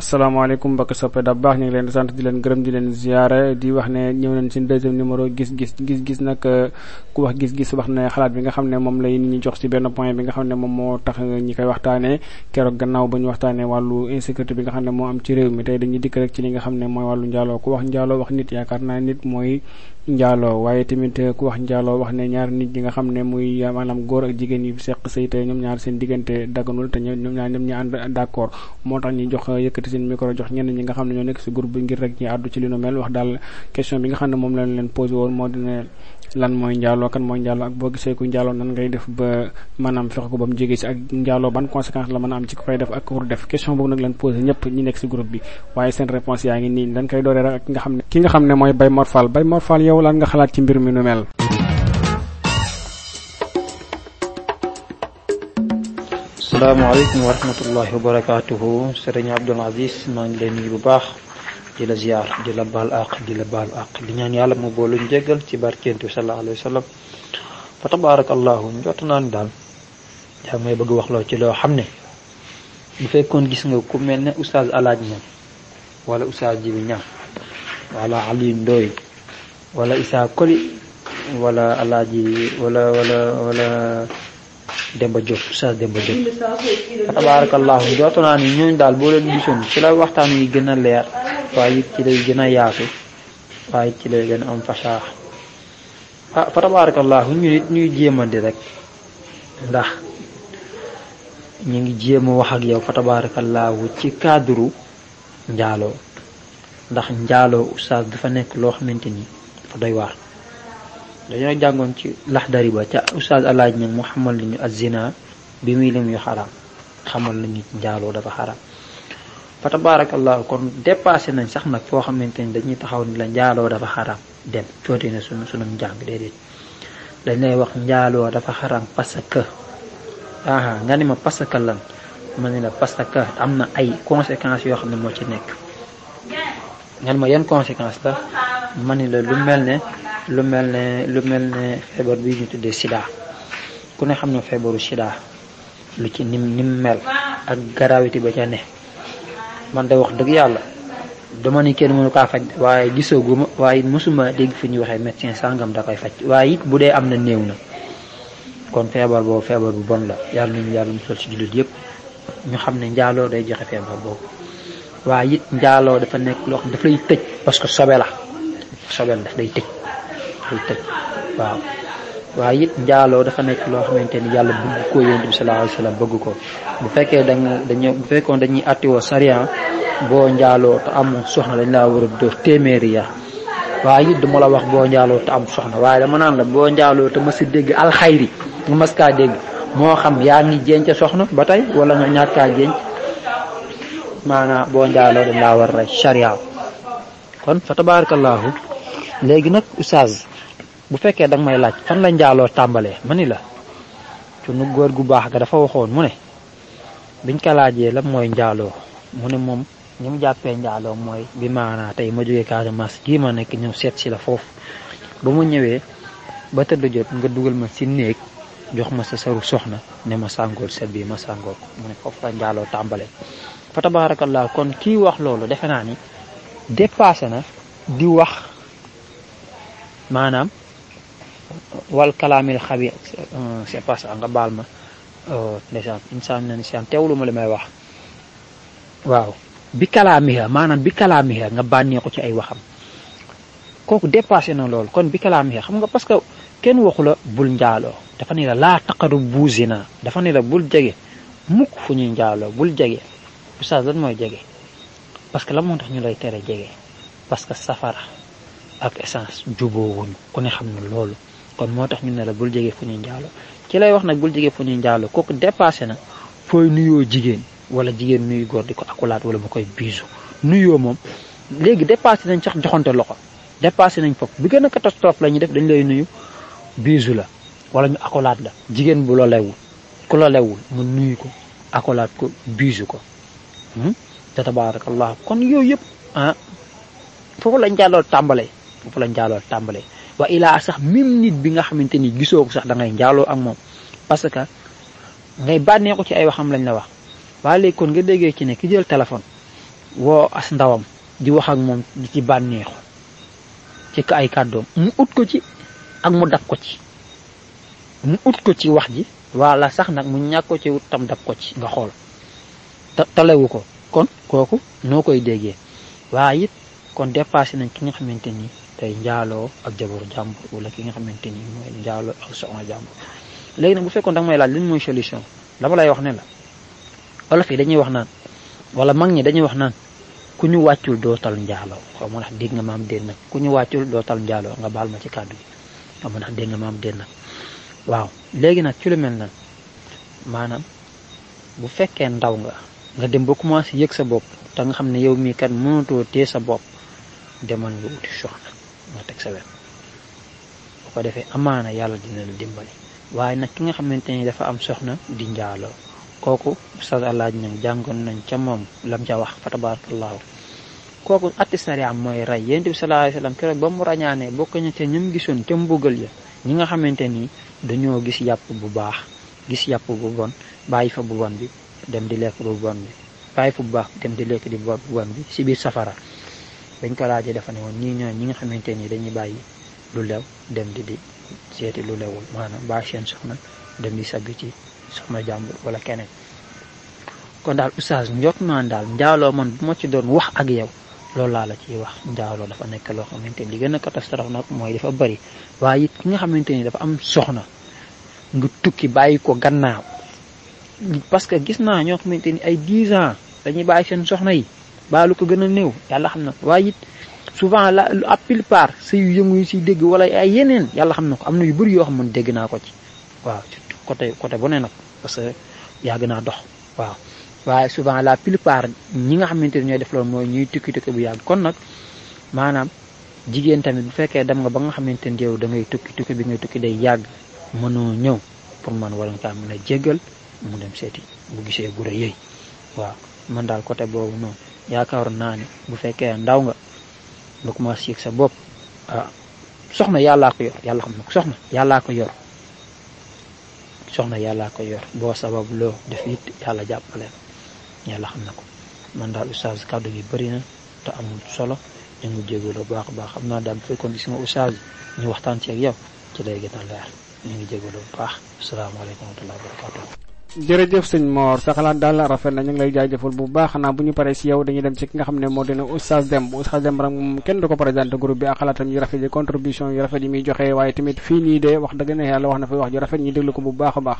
asalaamaaleykum mbokk soppe da baax ñu ngi leen di sant di leen gërëm di leen ziyaare di wax ne ñëw nañ seen deuxième numéro gis-gis gis-gis nag euh, ku wax gis-gis wax ne xalaat bi nga xam ne moom la nit ñi jox ci benn point bi nga xam ne moom moo tax euh, ñi koy waxtaanee keroog gannaaw ba ñu waxtaanee wàllu insécurité bi nga xam ne moo am ci réew mi tey dañuy dikk rek ci li nga xam ne mooy wàllu njaaloo ku wax njaaloo wax nit yaakaar naa nit mooy njaaloo waaye tamit eh, ku wax njaaloo wax ne ñaar nit ñi nga xam ne muy eh, maanaam góor ak jigéen yi seq sëy te ñoom ñaar seen diggante dagganul te ñoom ñaar ñoom ñi ànd d'accord moo tax ñu jox eh, yëkkati seen micro jox ñenn ñi nga xam ne ñoo nekk ci groupe bi ngir rek ñi àddu ci li nu mel wax daal question bi nga xam ne moom lañ leen posé woon moo dina lan mooy njaaloo kan mooy njaaloo ak boo gisee ku njaaloo nan ngay def ba maanaam fexe ko ba mu jege ci ak njaaloo ban conséquence la mën a am ci ku koy def ak ku def question boobu nag lañ posé ñëpp ñi nii dañ koy dooree xam ne ki nga ne mooy Baye Mor Fall Baye Mor Fall yow lan nga xalaat ci mbir mi nu mel asalaamaaleykum wa maa ngi leen nuyu bu baax di la ziar di la baal àq di la baal àq di ñaan yàlla mu booluñ jéggal ci barkeentu sallallahu alayhi wa sallam fa tabaarakallahu njott naa ni daal yaa may bëgg wax loo ci loo xam ne bu fekkoon gis nga ku mel ne oustaz alaaj ñam wala oustaz jibi ñam wala ali ndooy wala isaa koli wala alaaji wala wala wala Demba Diop oustaz Demba Diop fa tabaarakallahu njott naa ni ñooñu daal boo leen gisoon ci la waxtaan yi gën a leer waaye it ci lay gën a yaatu waaye it ci lay gën a am fasaax ah fa tabaarakallaahu ñu nit ñuy jéemandi rek ndax ñu ngi jéem a wax ak yow fa tabaarakallaahu ci cadre njaaloo ndax njaaloo oustaz dafa nekk loo xamante ni fa doy waar dañoo jàngoon ci laxdari ba ca oustaz alaaj nag mu xamal lañu azina bi muy lim yu xaraam xamal lañu njaaloo dafa xaraam fa tabaarakallaahu kon dépassé nañ sax nag foo xamante ni dañuy taxaw ni la njaaloo dafa xaraam dem cooti na sunu sunu njàng déedéet dañ lay wax njaaloo dafa xaram parce que aha nga ni ma parce que lan ma ne la parce que am na ay conséquences yoo xam ne moo ci nekk nga ma yan conséquence la ma ni la lu mel ne lu mel ne lu mel ne feebar bi ñu tuddee sida ku ne xam ne feebaru sida lu ci nim nim mel ak gravité ba ca ne man de wax dëgg yàlla dama ni kenn mënu kaa faj waaye gisooguma waaye it mosuma dégg fi ñuy waxee médecin sàngam da koy faj waaye it bu dee am na néew na kon feebar boobu feebar bu bon la yàlla nañu yàlla musal ci jullit yëpp ñu xam ne njaaloo day joxe feebar boobu waaye njaaloo dafa nekk loo xam daf lay tëj parce que sobe la sobe la daf lay tëj day tëj waaw waaye it njaaloo dafa nekk loo xamante ni yàlla bëgg ko yonent bi sallallahu alayhi wasallam bëgg ko bu fekkee dañu dañu bu fekkoon dañuy attiwoo sariya boo njaaloo te am soxna dañ laa war a ya waaye it du la wax boo njaaloo te am soxna waaye dama naan la boo njaaloo te mas dégg alxayri nga mas kaa dégg moo xam yaa ngi jenc soxna ba tey wala nga ñàkk kaa jenc maanaam boo njaaloo dañ laa war a rey sariya kon fa tabarakallahu léegi nag oustaz bu fekkee danga may laaj fan la njaaloo tàmbalee ma ni la sunu góor gu baax ga dafa waxoon mu ne biñ ko laajee la mooy njaaloo mu ne moom ñi mu jàppee njaaloo mooy bi tey ma jógee Casamance gii ma nekk ñëw seet si la foofu ba mu ñëwee ba tëdd jot nga dugal ma si néeg jox ma sa saru soxna ne ma sàngool set bi ma sàngool ko mu ne foofu la njaaloo tàmbale fa tabaarakallaa kon kii wax loolu defe naa ni dépassé na di wax maanaam wal kalaamil xabiir c'est pas ça nga baal ma oh, ndeysaan insaan na insaan ma li may wax waaw bi kalaamiha maanaam bi kalaamiha nga bànneexu ci ay waxam kooku dépassé na loolu kon bi kalaamiha xam nga parce que kenn waxu la bul njaaloo dafa ne la laa taqaru buusi naa dafa ne la bul jege mukk fu ñuy njaaloo bul jege oustaz lan mooy jege parce que la moo tax ñu lay tere jege parce que safara ak essence jubóowuñu ku ne xam na loolu kon moo tax ñu ne la bul jege fu ñuy njaalo ci lay wax nag bul jege fu ñuy njaalo kooku dépassé na fooy nuyoo jigéen wala jigéen nuyu góor di ko akulaat wala bu koy biisu nuyoo moom léegi dépassé nañ sax joxante loxo dépasé nañ foofu bi gën a catastrophe la ñuy def dañ lay nuyu biisu la wala ñu akolaat la jigéen bu lolewul ku lolewul mu nuyu ko akolaat ko biisu ko hmm? te tabaarakallah kon yooyu yëpp ah foofu la njaaloo tàmbalee foofu la njaaloo tàmbalee waa ilaa sax même nit bi nga xamante ni gisoo ko sax dangay ngay njaaloo ak moom parce que ngay bànnee ko ci ay waxam lañ la wax waa léegi kon nga déggee ci ne ki jël téléphone woo as ndawam di wax ak moom di ci bànneexu ci ay kàddoom mu ut ko ci ak mu dab ko ci mu ut ko ci wax ji wala sax nag mu ñàkk ko ci ut tam dab ko ci nga xool te talewu ko kon kooku noo koy déggee waaye it kon dépassé nañ ki nga xamante nii tey njaaloo ak jabaru jàmbur wala ki nga xamante ni mooy njaaloo ak soxna jàmbur léegi nag bu fekkoon da mooy may laaj lan mooy solution dama lay wax ne la wala fii dañuy wax naan wala mag ñi dañuy wax naan ku ñu wàccul dootal njaaloo xaw ma dégg nga maam déen nag ku ñu wàccul dootal njaaloo nga baal ma ci kàddu gi dégg nga maam déen nag waaw léegi nag ci lu maanaam bu fekkee ndaw nga nga dem ba commencé yëg sa bopp te nga xam ne yow mii kat sa bopp demal nga wuti soxna moo teg sa wet ko defee amaana yàlla dina la dimbali waaye nag ki nga xamante ni dafa am soxna di njaaloo kooku ustaz alaaj ñoom jàngoon nañ ca moom lam ca wax fa tabarakallahu kooku atti sariya mooy rey yonent bi sallallahu alayhi wasallam keroog ba mu rañaanee bokk na ca ñam gisoon ca mbugal ya ñi nga xamante ni dañoo gis yàpp bu baax gis yàpp bu bon bàyyi fa bu bon bi dem di lekk bu bon bi bàyyi fa bu baax dem di lekk di bu bon bi si biir safara dañ ko laajee dafa ne woon ñii ñooy ñi nga xamante ni dañuy bàyyi lu lew dem di di seeti lu lewul maanaam baa seen soxna dem di sagg ci soxna jàmbur wala keneen kon daal oustaz njot naan daal njaaloo man bu ma ci doon wax ak yow loolu laa la ciy wax njaaloo dafa nekk loo xamante ni li gën a catastrophe nag mooy dafa bari waaye it ki nga xamante ni dafa am soxna nga tukki bàyyi ko gannaaw parce que gis naa ñoo xamante ni ay 10 ans dañuy bàyyi seen soxna yi baa lu ko gën a néew yàlla xam na ko waaye it souvent la à part sa yëngu yu siy dégg wala ay yeneen yàlla xam na ko am na yu bëri yoo xam ne dégg naa ko ci waaw côté côté bu ne nag parce que yàgg naa dox waaw waaye souvent la plupart ñi nga xamante ne ñooy def loolu mooy ñuy tukki tukki bu yàgg kon nag maanaam jigéen tamit bu fekkee dem nga ba nga xamante ne yow da tukki tukki bi ngay tukki day yàgg mënoo ñëw pour man war nga mën a jéggal mu dem seeti gisee gure yooyu waaw man daal côté boobu noonu. yaakaar naa ne bu fekkee ndaw nga nga commencé sa bopp ah soxna yàllaa ko yor xam na ko soxna yàllaa ko yor soxna yàllaa ko yor boo sabab loo def it yàlla jàppale yàlla xam na ko man daal oustaz kàddu gi bëri na te amul solo ñu ngi baax a baax xam naa daal bu fekkoon gis nga oustaz ñu waxtaan ci ak yow ci lay gën a leer ñu ngi jégalu baax asalaamaaleykum wa rahmatulah wa barakatuh jërëjëf sëñ Mor sa xalaat daal rafet na ñu ngi lay jaajëfal bu baax naa bu ñu paree si yow dañuy dem ci ki nga xam ne moo dina Oustaz Demb Oustaz Demb rek moom kenn du ko présenté groupe bi ak xalaatam yu rafet yi contribution yu rafet yi muy joxe waaye tamit fii nii de wax dëgg na yàlla wax na fa wax ju rafet ñu déglu ko bu baax a baax.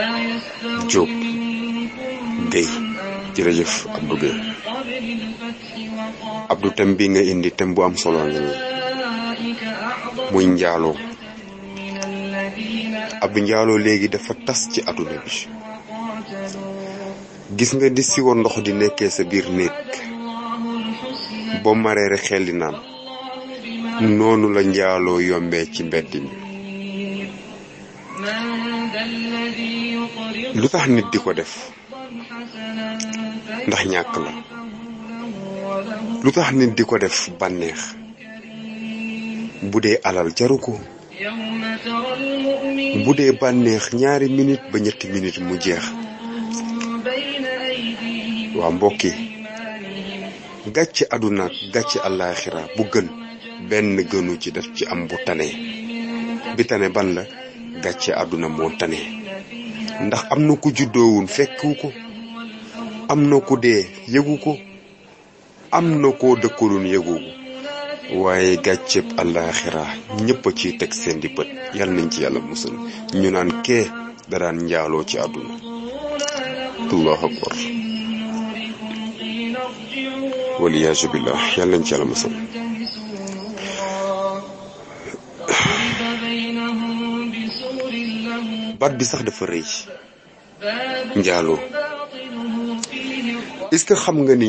bismillahi rahmaani Guèye jërëjëf Abdou Guèye bi nga indi thème bu am solo ngi nii muy njaaloo ab njaaloo léegi dafa tas ci adduna bi gis nga di siwo ndox di nekkee sa biir néeg boo maree rek xel naan noonu la njaaloo yombee ci mbedd mi lu tax nit di ko def ndax ñàkk la lu tax nit di ko def bànneex bu dee alal jaru ko bu dee bànneex ñaari minute ba ñetti minute mu jeex waa mbokki gàcce àdduna ak gàcce bu gën benn gënu ci def ci am bu tane bi tane ban la gàcce àdduna moo tane ndax am na ku juddoowun fekku ko am na ku dee yëgu ko am na ko dëkkaloon yëgu ko waaye gàcceeb àllaaxira ñépp a ciy teg seen di bët yàlla nañ ci yàlla musal ñu naan kee daraan njaaloo ci àdduna allahu akbar waliyaasu billah yàlla nañ ci yàlla musal baat bi sax dafa rëy njaaloo est xam nga ni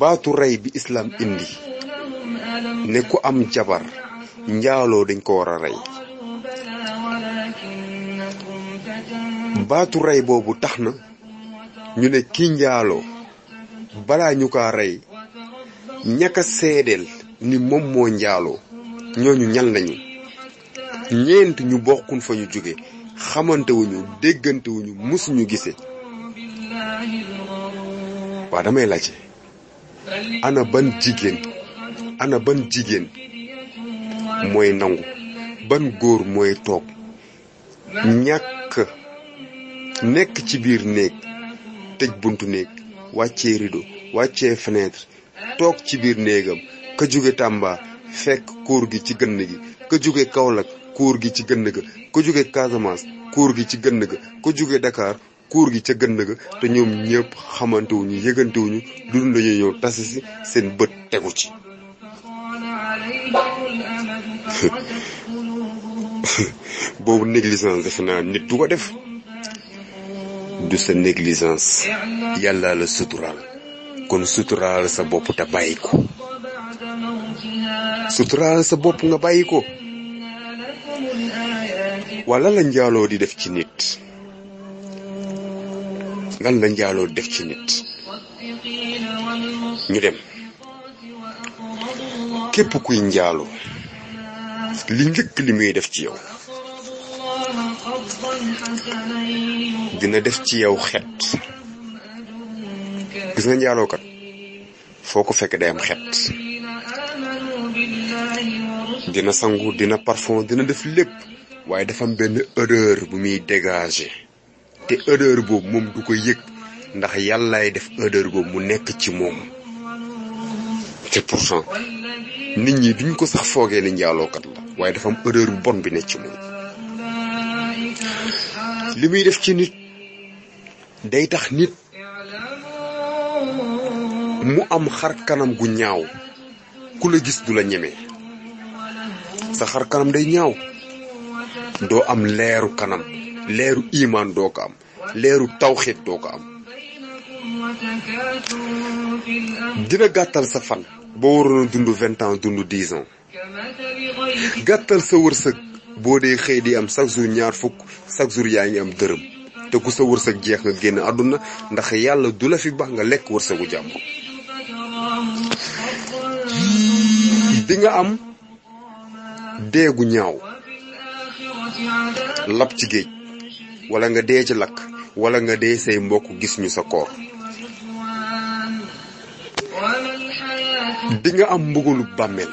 baatu rey bi islaam indi ne ku am jabar njaaloo dañ ko war a rey baatu rey boobu tax na ñu ne ki njaaloo balaa ñu kaa rey ñaka seedeel ni moom moo njaaloo ñooñu ñan nañu ñeent ñu bokkun fa ñu jóge xamantewuñu déggantewuñu déggante wuñu musuñu gise waa damay laajte ana ban jigéen ana ban jigéen mooy nangu ban góor mooy toog ñàkk nekk ci biir néeg tëj buntu néeg wàccee rido wàccee fenêtre toog ci biir néegam ka jóge Tamba fekk kuur gi ci gënn gi ka jóge Kaolack kuur gi ci gënn ga ka jóge Casamance kuur gi ci gënn ga ka jóge Dakar kuur gi ca gënn ga te ñoom ñëpp xamantewuñu yëgantewuñu lu dul dañuy ñëw tasi si seen bët tegu ci boobu négligence defe naa nit du ko def du sa négligence yàlla la suturaal kon suturaal sa bopp te suturaal sa bopp nga bàyyi ko wala la njaaloo di def ci nit lan la njaaloo def ci nit ñu dem képp kuy njaaloo li njëkk li muy def ci yow dina def ci yow xet gis nga njaalookat foo ko fekk day am xet dina sangu dina parfum dina def lépp waaye dafa am benn odeur bu muy dégager te odeur boobu moom du ko yëg ndax yàllaay def odeur boobu mu nekk ci moom te pourtant nit ñi duñ ko sax foogee ne njaalookat la waaye dafam am bu bon bi nekk ci moom li muy def ci nit day tax nit mu am xar kanam gu ñaaw ku la gis du la ñeme sa xar kanam day ñaaw doo am leeru kanam leeru imaan doo ko am leeru tawxiit doo ko am dina gàttal sa fan boo waroon a dund vingt ans dund dix ans gàttal sa wërsëg boo dee xëy di am chaque jour ñaar fukk chaque jour yaa ngi am dërëm te ku sa wërsëg jeex nga génn àdduna ndax yàlla du la fi baax nga lekk wërsëgu jàmm di am deegu ñaaw lab ci géej walla nga dee ci lakk wala nga dee say mbokk gisuñu sa koor dinga am mbugalu bàmmeel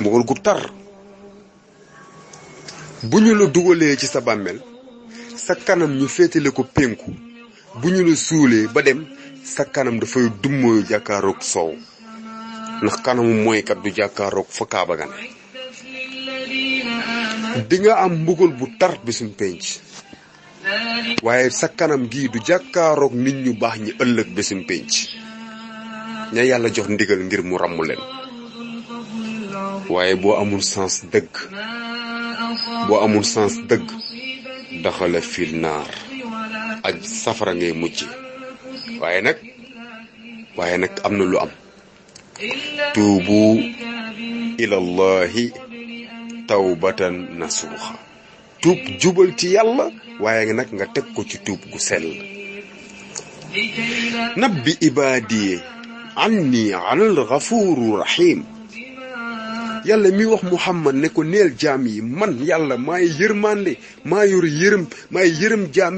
mbugal gu tar bu ñu la dugalee ci sa bàmmeel sa kanam ñu féetale ko pénku bu ñu la suulee ba dem sa kanam dafay dummóoyu jàkkaaroog soow ndax kanamu mooykat du jàkkaaroog fa kaaba di nga am mbugal bu tar bisum penc waaye sa kanam gi du jàkkaaroog nit ñu baax ñi ëllëg bisum penc ña yàlla jox ndigal ngir mu ràmm leen waaye boo amul sens dëgg boo amul sens dëgg daxala fil naar aj safara ngay mujj waaye nag waaye nag am na lu am tuubu ilallahi tawbatan nasuuxa tuub jubal ci yàlla waaye nag nga teg ko ci tuub gu sell nabbi ibaadiye anni anal gafuru rahim yàlla mi wax muhammad ne ko neel jaam yi man yàlla maay yërmande maa yor yërëm maay yërëm jaam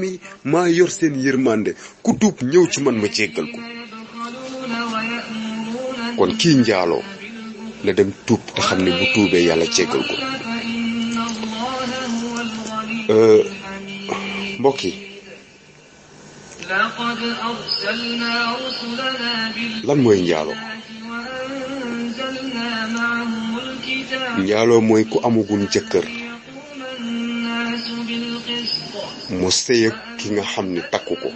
maa yor seen yërmande ku tuub ñëw ci man ma jéggal ko kon kii njaaloo la dem tuub te xam ne bu tuubee yàlla jéggal ko euh, mbokk yi lan mooy njaaloo njaaloo mooy ku amagum jëkkër mu sëy ki nga xam ne takku ko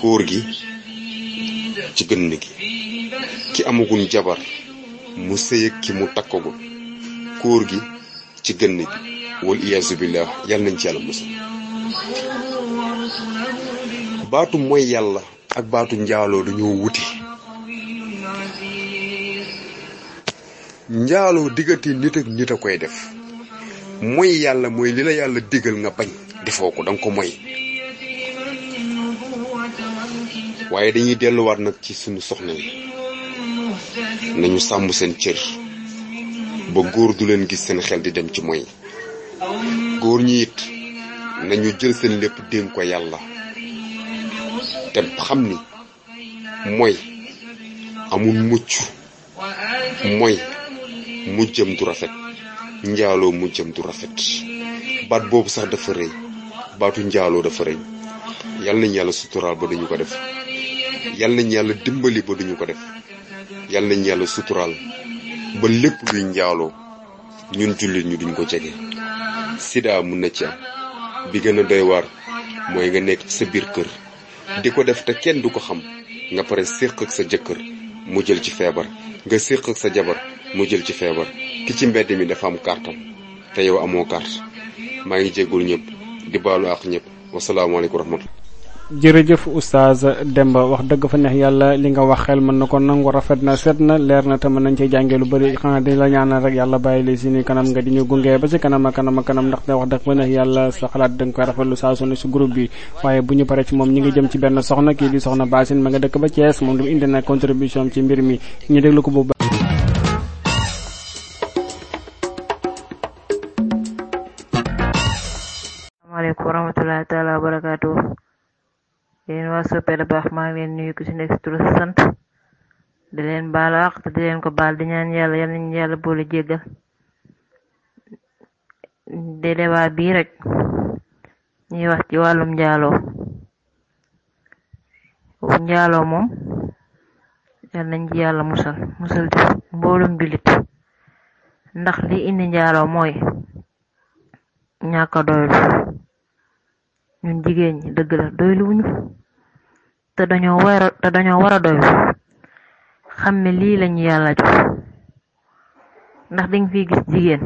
kóor gi ci gënn gi ki amagul jabar mu sëyëg ki mu takkagul kóor gi ci gënn gi wal iyaasu billah yàlla nañ ci yàlla musal baatu mooy yàlla ak baatu njaaloo dañoo wuti njaaloo diggante nit ak nit a koy def mooy yàlla mooy li la yàlla digal nga bañ defoo ko danga ko moy waaye dañuy delluwaat nag ci suñu soxna yi nañu sàmm seen cër ba góor du leen gis seen xel di dem ci moy góor ñi it nañu jël seen lépp dénk ko yàlla te xam ni mooy amul mucc mooy mujjam du rafet njaaloo mu jëm du rafet baat boobu sax dafa rëy baatu njaaloo dafa rëy yàlla nañu yàlla suturaal ba dañu ko def yal nañu yàlla dimbali ba duñu ko def yàlla nañu yàlla suturaal ba lépp luy jaaloo ñun jullit ñu duñ ko jege. sida mun na ci am bi gën a doy waar mooy nga nekk ci sa biir kër di ko def te kenn du ko xam nga pare séq ak sa jëkkër mu jël ci feebar nga séq ak sa jabar mu jël ci feebar ki ci mbedd mi dafa am kartam te yow amoo carte maa ngi jéggul ñëpp di baalu ak ñëpp wasalaamaaleykum wa rahmatullah jërëjëf oustaz Demba wax dëgg fa neex yàlla li nga wax xel mën na ko nangu rafet na set na leer na te mën nañ cee jàngee lu bëri xanaa di la ñaanal rek yàlla bàyyi la si ni kanam nga di ñu gungee ba si kanam a kanam a kanam ndax wax dëgg fa neex yàlla sa xalaat danga koy rafetlu saa su ne si groupe bi waaye bu ñu paree ci moom ñi ngi jëm ci benn soxna kii di soxna Basine ma nga dëkk ba Thiès moom dama indi na contribution ci mbir mi ñu déglu soppee a baax maa ngi leen nuyu ku ci nekk tur ak sant di leen baalu àq te di leen ko baal di ñaan yàlla yal nañu yàlla boole jéggal de débat bii rek ñuy wax ci wàllum njaaloo njaaloo moom yal nañ ci yàlla musal musal ci mboolum jullit ndax li indi njaaloo mooy ñàkk doylu ñun jigéen ñi dëgg la te dañoo wara doylu xam ne lii lañ yàlla jox ndax ding fi gis jigéen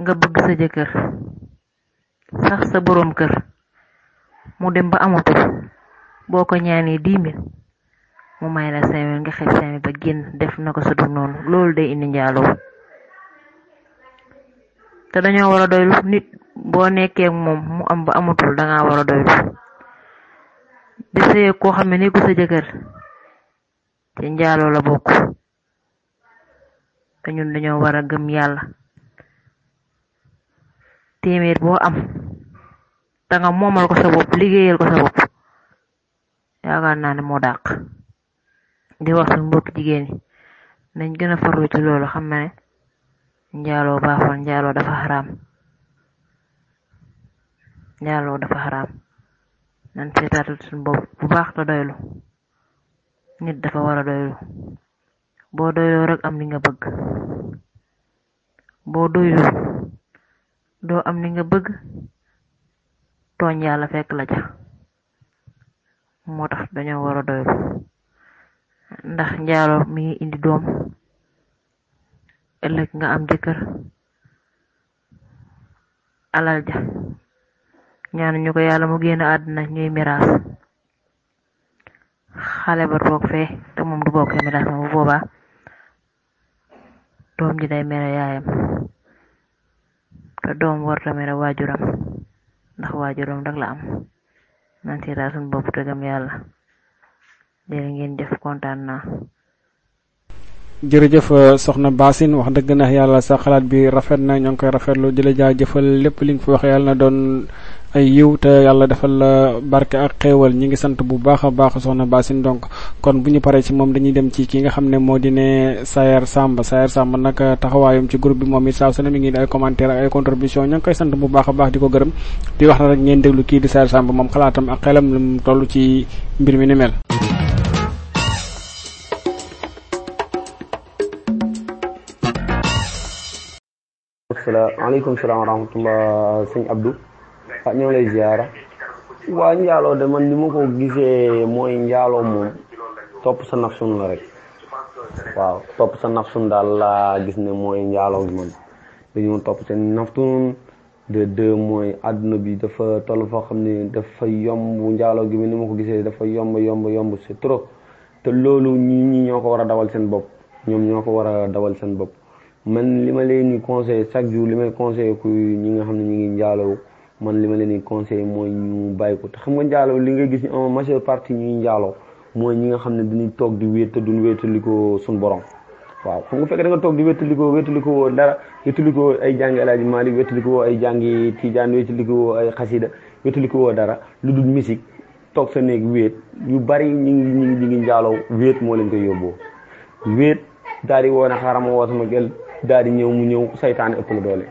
nga bëgg sa jëkkër sax sa boroom kër mu dem ba amatul boo ko ñaanee dix mu may la cinq mille nga xeeb cinq ba génn def na ko sudul noonu loolu de indi njaaloo te dañoo wara doylu nit boo nekkee moom mu am ba amatul danga wara doylu di sëyeek koo xam ne néegu sa jëkkër ci njaaloo la bokk te ñun dañoo war a gëm yàlla téeméer boo am da nga ko sa bopp ko sa bopp yaakaar naa ne moo dàq di wax suñu mbokk jigéen ñi nañ gën a farlu ci loolu xam na dafa xaraam njaaloo dafa xaraam nan seetaatal suñ bopp bu baax te doylu nit dafa wara doylu boo doyloo rekk am li nga bëgg boo doylul doo am li nga bëgg tooñ yàlla fekk la ca moo tax dañoo wara doylu ndax njaalo mi ngi indi doom ëllëg nga am jëkkër alal ja ñaanuñu ko yàlla mu génn àdduna ñuy miraas xale ba toog fee te moom du bokkee miraas ma bu boobaa doom ji day yaayam te doom warta mere waajuram ndax waajuram rek la am nan seetaa suñ bopp yàlla jërë ngeen jëf kontaan naa jërëjëf uh, soxna Basine wax dëgg na yàlla sa xalaat bi rafet na ñoo ngi koy rafetlu di la jaajëfal lépp li nga fi wax yàlla na doon ay yiw te yàlla defal la barke ak xéewal ñi ngi sant bu baax a baax soxna Basine donc kon bu ñu paree ci moom dañuy dem ci ki nga xam ne moo di ne Sayer Samb Sayer Samb nag taxawaayam ci groupe bi moom it saa su ne mi ngi ay commentaire ak ay contribution ña ngi koy sant bu baax a baax di ko gërëm di wax na rek ngeen déglu kii di Sayer Samb moom xalaatam ak xelam lu mu toll ci mbir mi ni mel. ah ñëw lay ziara waa njaaloo de man ni ma ko gisee mooy njaaloo moom topp sa nafsun la rek waaw topp sa nafsun daal laa gis ne mooy njaaloo gi man topp seen nafsun de mooy àdduna bi dafa toll foo xam ne dafa yomb njaaloo gi ni ma ko gisee dafa yomb yomb yomb c'est trop te loolu ñi ñi ñoo ko war a dawal seen bopp ñoom ñoo ko war a dawal seen bopp man li ma leen di chaque jour li may conseiller ku ñi nga xam ne ñu ngi njaaloo man li ma leen di conseil mooy ñu bàyyi ko te xam nga njaaloo li nga gis ni en majeure partie ñuy njaaloo mooy ñi nga xam ne dañuy toog di wéet te duñ wéetali ko suñ borom waaw xam nga fekk da toog di wéetali ko wéetali ko woo dara wéetali ko ay jàngi El Hadj Malick wéetali ko woo ay jàngi Tijaan wéetali ko woo ay xasida wéetali ko woo dara lu dul musique toog sa néeg wéet yu bari ñu ngi ñu ngi ñu ngi njaaloo wéet moo lañ koy yóbboo wéet daal di woon a xaaral ma woo sama gel daal di ñëw mu ñëw saytaane ëpp la doole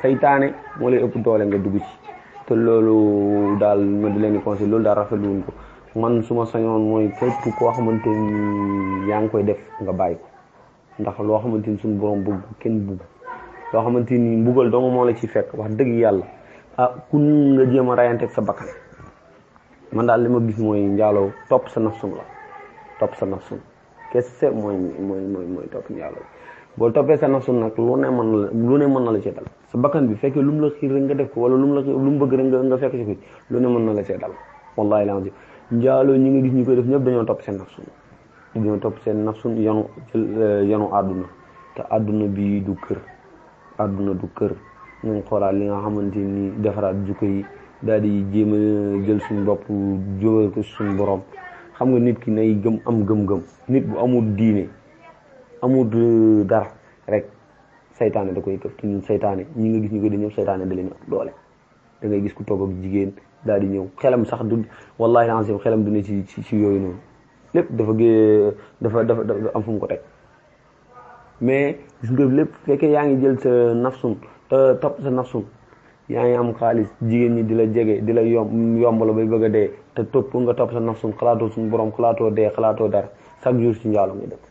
saytaane moo lay ëpp doole nga dugg ci te loolu daal ma di leen di conseil loolu daal rafetlu wuñ ko man suma ma sañoon mooy képp koo xamante ni yaa ngi koy def nga bàyyi ko ndax loo xamante ni suñ borom bëgg kenn bëgg loo xamante ni mbugal doomu moo la ci fekk wax dëgg yàlla ah ku nga jéem a rayanteeg sa bakkan man daal li ma gis mooy njaaloo topp sa nafsum la topp sa nafsum kese mooy mooy mooy mooy topp njaaloo boo toppee sa nafsu nag lu ne mën na la lu ne mën na la ci sa bakkan bi fekkee lu mu la xiir rek nga def ko wala lu mu la lu mu bëgg rek nga fekk ci ko lu ne mën na la ci dal wallahi la njaaloo ñi nga gis ñu koy def ñëpp dañoo topp seen nafsu dañoo topp seen nafsu eh, yanu àdduna te àdduna bi du kër àdduna du kër nañ xoolaat li nga xamante ni defaraat jukko yi daal di jéem a jël suñu bopp jógal ko suñu borom xam nga nit ki nay gëm am gëm-gëm nit bu amul diine amul dara rek saytaane da koy këf te ñun saytaane ñi nga gis ñu ko di ñëw saytaane da leen doole da ngay gis ku toog jigéen daal di ñëw xelam sax du wallahi lancim xelam du ne ci ci yooyu noonu lépp dafa gé dafa dafa am fu mu mais gis lépp fekkee yaa ngi jël sa nafsun topp sa nafsun yaa ngi am xaalis jigéen ñi di la jege di la yom yomb la bay bëgg dee te topp nga topp sa nafsun xalaatoo suñu borom xalaatoo dee xalaatoo dara chaque jour ci njaalo ngay def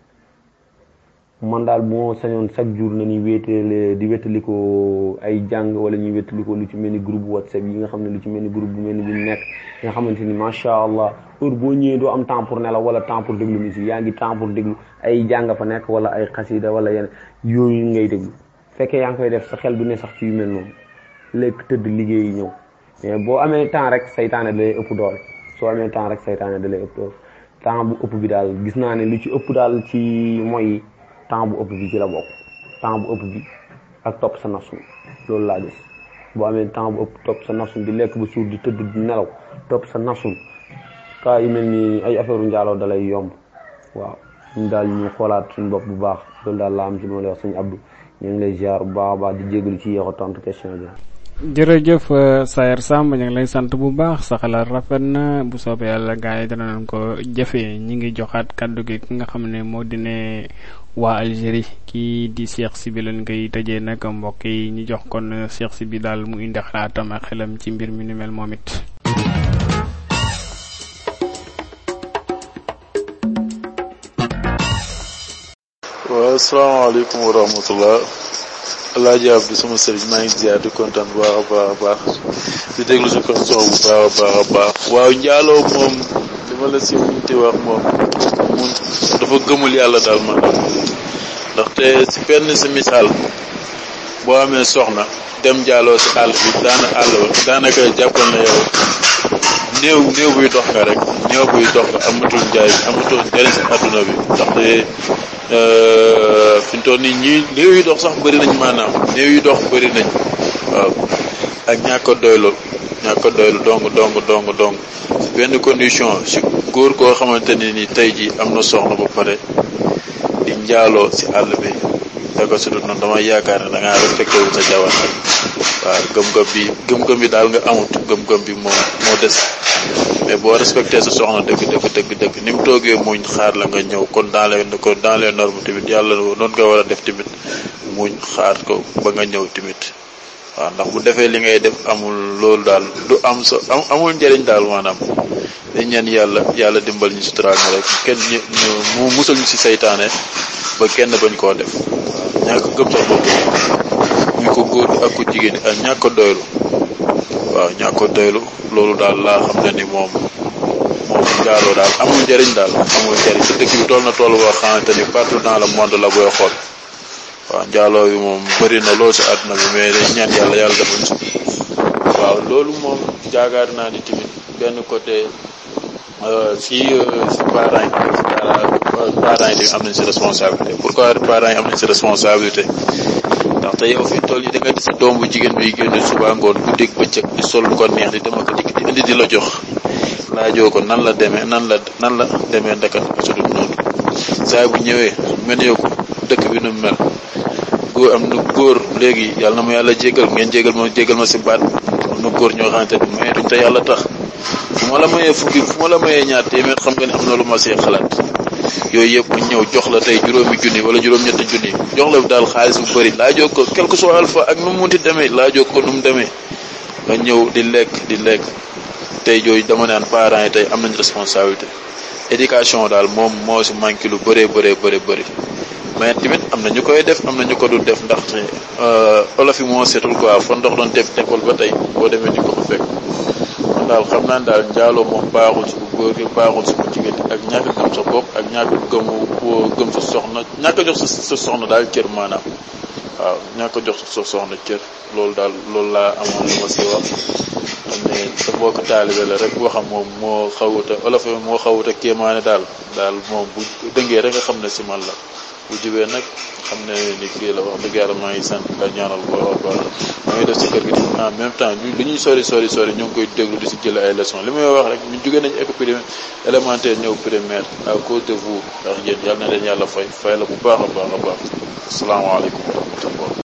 man daal bu ma sañoon chaque jour nañuy wéetale di ko ay jàng wala ñuy wétaliko lu ci mel ni groupe whatsapp yi nga xam ne lu ci mel ni groupe bu mel ni bu nekk nga xamante ni macha allah heure boo ñëwee doo am temps pour nelaw wala temps pour déglu musique yaa ngi temps pour déglu ay jàng fa nekk wala ay xasida wala yenn yooyu ngay déglu fekkee yaa ngi koy def sa xel du ne sax ci yu mel noonu lekk tëdd liggéey ñëw mais boo amee temps rek seytaane da lay ëpp doole soo amee temps rek saytaane da lay temps bu ëpp bi daal gis naa ne lu ci ëpp daal ci mooy temps bu ëpp bi ci la bokk temps bu ëpp bi ak topp sa nafsu loolu laa gis boo amee temps bu ëpp topp sa nafsu di lekk ba suur di tëdd di nelaw topp sa nafsu kaa yu mel ni ay affaire u njaaloo da lay yomb waaw ñu daal ñu xoolaat suñu bopp bu baax loolu daal laa am ci moom la wax sëñ Abdou ñu ngi lay ziar bu baax a baax di jégalu ci yéex a tontu question bi. jërëjëf euh, Sayer Samb lay sant bu baax sa xalaat rafet na bu soobee yàlla gars dana danañ ko jëfee ñi ngi joxaat kàddu gi ki nga xam ne moo di waa Algérie kii di Cheikh Siby lañ koy tëjee nag mbokk yi ñu jox kon Cheikh bi daal mu indi xalaatam ak xelam ci mbir mi ni mel moom Alaaji Abdu sama sëriñ maa ngi ziar di kontaan baax a baax a baax di déglu sa condition bu baax a baax a baax. waaw njaaloo moom li ma la si munti wax moom dafa gëmul yàlla daal maanaam ndaxte si benn si misaal boo amee soxna dem njaaloo si àll bi daana àll ba daanaka jàppal na yow néew néew buy dox nga rek néew buy dox nga amatul njaay amatul njariñ si adduna bi ndaxte. Euh, fi ñu toll nii ñii néew yu dox sax bari nañ maanaam néew yu dox bari nañ waaw ak ñàkk a doylu ñàkk a doylu dong dong dong dong benn condition si góor koo xamante ne ni tey ji am na soxna ba pare di njaaloo si àll bi da ko su dul damay yaakaar ne da ngaa respecté sa jabar waaw gëm-gëm bi gëm-gëm daal nga amut gëm-gëm bi moo moo des mais boo respecté sa soxna dëgg dëgg dëgg dëgg ni mu toogee muñ xaar la nga ñëw kon dans les kon dans les normes tamit yàlla noonu nga war a def tamit muñ xaar ko ba nga ñëw tamit waa ndax bu defee li ngay def amul loolu daal du am sa amul njëriñ daal maanaam dañ ñaan yàlla yàlla dimbali ñu suturaal ñu rek kenn ñu mu musal ñu ci seytaane ba kenn bañ koo def waaw ñàkk gëm sa bopp góor ñi jigéen ñi ak ñàkk waaw ñàkk a doylu loolu daal laa xam na ni moom moom njaaloo daal amul njariñ daal amul njariñ te dëkk bi toll na toll boo xamante ni partout dans le monde la booy xool waaw njaaloo bi moom bëri na lool si àdduna bi mais dañ ñaan yàlla yàlla defal ci waaw loolu moom jaagaar naa ni tamit benn côté si euh, si euh, parents yi parents yi am nañ si responsabilité pourquoi parents yi am nañ si responsabilité ndaxte yow fi toll yi da nga gis doom bu jigéen bi génn suba ngoon guddeeg bëccëg di sol lu ko neex di dama ko dikk di indi di la jox laajoo ko nan la demee nan la nan la demee ndaka sudul noonu saa bu ñëwee mel yow ko dëkk bi nu mel góor am na góor léegi yàlla na ma yàlla jégal ngeen jégal ma jégal ma si baat am góor ñoo xamante ne mais duñ te yàlla tax fu ma la mayee fukki fu ma la mayee ñaar téeméer xam nga ne am na lu ma see xalaat yooyu yëpp bu ñëw jox la tey juróomi junni wala juróom-ñetti junni jox la daal xaalis bu bëri laajoo ko quelque soit alpha ak nu mu munti demee laajoo ko nu mu demee nga ñëw di lekk di lekk tey yooyu dama naan parents yi tey am nañ responsabilité éducation daal moom moo si manqué lu bëree bëree bëri bëri mais tamit am na ñu koy def am na ñu ko du def ndax euh, olof olofi moo seetul quoi fa ndox doon te école ba tey boo demee ni ko fekk. daal xam naa daal njaaloo moom baaxul ci bu góor gi baaxul ci bu jigéen ak ñàkk gëm sa bopp ak ñàkk gëm sa soxna ñàkk jox sa soxna daal cër maanaam waaw ñàkk jox sa soxna cër loolu daal loolu laa amoon lu ma si wax ne sa mbokk taalibe la rek waxam moom moo xawuta olof moo xawuta kéemaane daal daal moom bu dëngee rek nga xam ne si man la bu jubee nag xam ne liggéey la wax dëgg yàlla maa ngi sant la ñaanal ko wax baax maa def si kër gi en même temps lu ñuy sori sori sori ñu ngi koy déglu di si jël ay leçons li may wax rek ñu jugee nañu école primaire élémentaire ñëw primaire à cause de vous ndax yéen yàlla na leen yàlla fay fay la bu baax a baax a baax asalaamaaleykum wa rahmatullah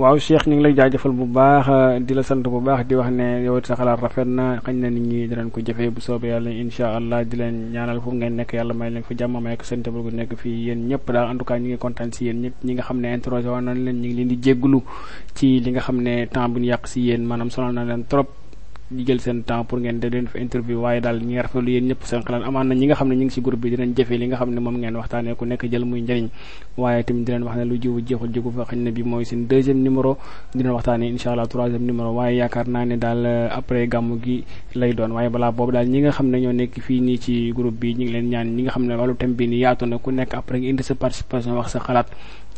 waaw Cheikh ñu ngi lay jaajëfal bu baax di la sant bu baax di wax ne yow sa xalaat rafet na xañ na nit ñi dinañ ko jëfee bu soobee yàlla incha allah di leen ñaanal fu ngeen nekk yàlla may leen fa jàmm may ak seen table nekk fii yéen ñëpp daal en tout cas ñu ngi kontaan si yéen ñi nga xam ne interrogé woon nañ leen ñu ngi leen di jégglu ci li nga xam ne temps bu yàq si yéen maanaam sonal na leen trop ñu jël seen temps pour ngeen de leen fi interview waaye daal ñi nga rafetlu yéen seen xalaat amaan na ñi nga xam ne ñu ngi ci groupe bi dinañ jëfee li nga xam ne moom nekk jël muy njëriñ waaye tamit dinañ wax ne lu jiwu jeexul jigu fa xañ na bi mooy seen deuxième numéro dinañ waxtaanee incha allah troisième numéro waaye yaakaar naa ne daal euh, après gàmmu gi lay doon waaye balaa boobu daal ñi nga xam ne ñoo nekk fii nii ci groupe bi ñi leen ñaan ñi nga xam ne wàllu thème bi ni yaatu na ku nekk après nga indi sa participation wax sa xalaat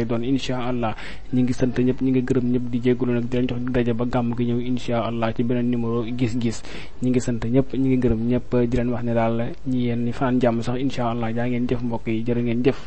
lay doon incha allah ñi ngi sant ñëpp ñi ngi gërëm ñëpp di jégalu nag di leen jox di daje ba gàmm gi ñëw incha allah ci beneen numéro gis-gis ñi ngi sant ñëpp ñi ngi gërëm ñëpp di leen wax ne daal ñi yéen ni fanaan jàmm sax incha allah jaa ngeen jëf mbokk yi jërë ngeen jëf